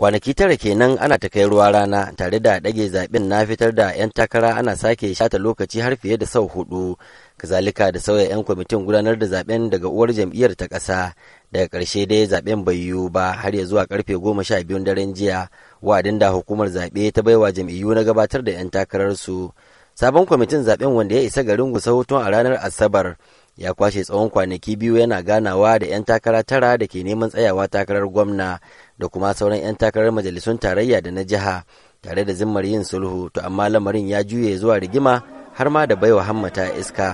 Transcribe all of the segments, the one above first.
kwanaki tara kenan ana ta kai ruwa rana tare da ɗage zaɓen na fitar da 'yan takara ana sake shata lokaci har fiye da sau hudu kazalika da sauya 'yan kwamitin gudanar da zaɓen daga uwar jam'iyyar ta ƙasa daga ƙarshe dai zaɓen bai yiwu ba har ya zuwa karfe goma sha biyun daren jiya wa'adin da hukumar zaɓe ta baiwa jam'iyyu na gabatar da 'yan takararsu sabon kwamitin zaɓen wanda ya isa garin gusa tun a ranar asabar ya kwashe tsawon kwanaki biyu yana ganawa da 'yan takara tara da ke neman tsayawa takarar gwamna da kuma sauran 'yan takarar majalisun tarayya da na jiha tare da zimmar yin sulhu to amma lamarin ya juye zuwa rigima har ma da baiwa hammata iska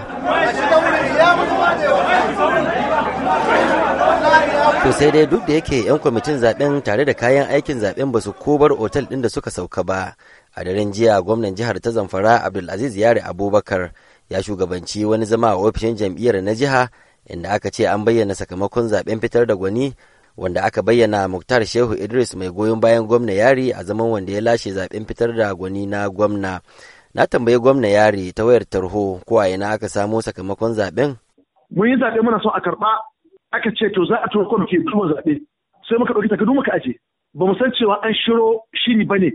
to sai dai duk da yake 'yan kwamitin zaben tare da kayan aikin zaben ba su kobar otal ɗin da suka sauka ba a daren jiya gwamnan jihar ta zamfara abdulaziz yare abubakar ya shugabanci wani zama a ofishin jam'iyyar na jiha inda aka ce an bayyana sakamakon zaben fitar da gwani wanda aka bayyana Muktar Shehu Idris mai goyon bayan gwamna Yari a zaman wanda ya lashe zaben fitar da gwani na gwamna. Na tambayi gwamna Yari ta wayar tarho ko a ina aka samo sakamakon zaben. Mun yi zaɓe muna son a karɓa aka ce to za a tura kwamiti duba zaɓe sai muka ɗauki takardu muka aje. Ba mu san cewa an shiro shiri ba ne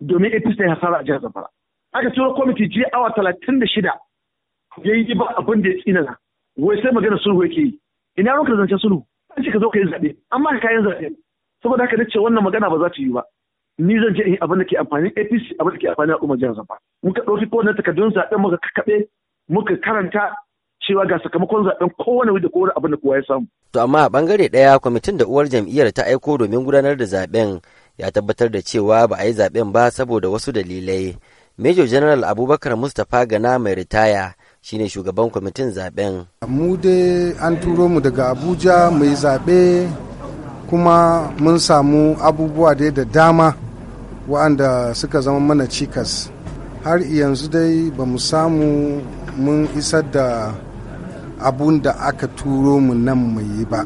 domin APC ta yi hasara a jihar Zamfara. Aka tura kwamiti jiya awa talatin da shida ya yi ba abin da ya tsinana wai sai magana sulhu yake yi ina da zancen sulhu an ce ka zo ka yi zaɓe amma ka kayan zaɓe saboda haka nace wannan magana ba za ta yi ba ni zan je in abin da ke amfani APC abin da ke amfani a Umar jihar Zamfara muka ɗauki kowane takardun zaɓen muka mun muka karanta cewa ga sakamakon zaɓen kowane da kowane abin da kowa ya samu. To amma a ɓangare ɗaya kwamitin da uwar jam'iyyar ta aiko domin gudanar da zaɓen ya tabbatar da cewa ba a yi zaɓen ba saboda wasu dalilai. Major General Abubakar Mustapha Gana mai ritaya shine shugaban kwamitin zaben. Mu dai an turo mu daga Abuja mai zaɓe kuma mun samu abubuwa dai da dama wa'anda suka zama mana cikas. Har yanzu dai ba mu samu mun isar da abun da aka turo mu nan mu yi ba.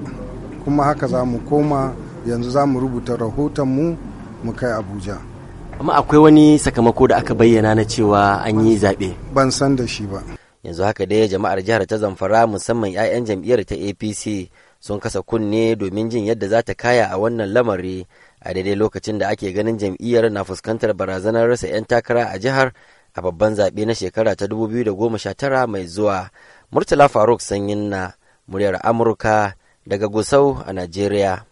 Kuma haka za mu koma yanzu za mu rubuta rahoton mu mu kai Abuja. Amma akwai wani sakamako da aka bayyana na cewa an yi zaɓe. Ban san da shi ba. yanzu haka dai jama'ar jihar ta zamfara musamman 'ya'yan jam'iyyar ta apc sun kasa kunne domin jin yadda za ta kaya a wannan lamari a daidai lokacin da ake ganin jam'iyyar na fuskantar barazanar rasa 'yan takara a jihar a babban zaɓe na shekara ta 2019 mai zuwa murtala faruk sanyin na muryar amurka daga gusau a najeriya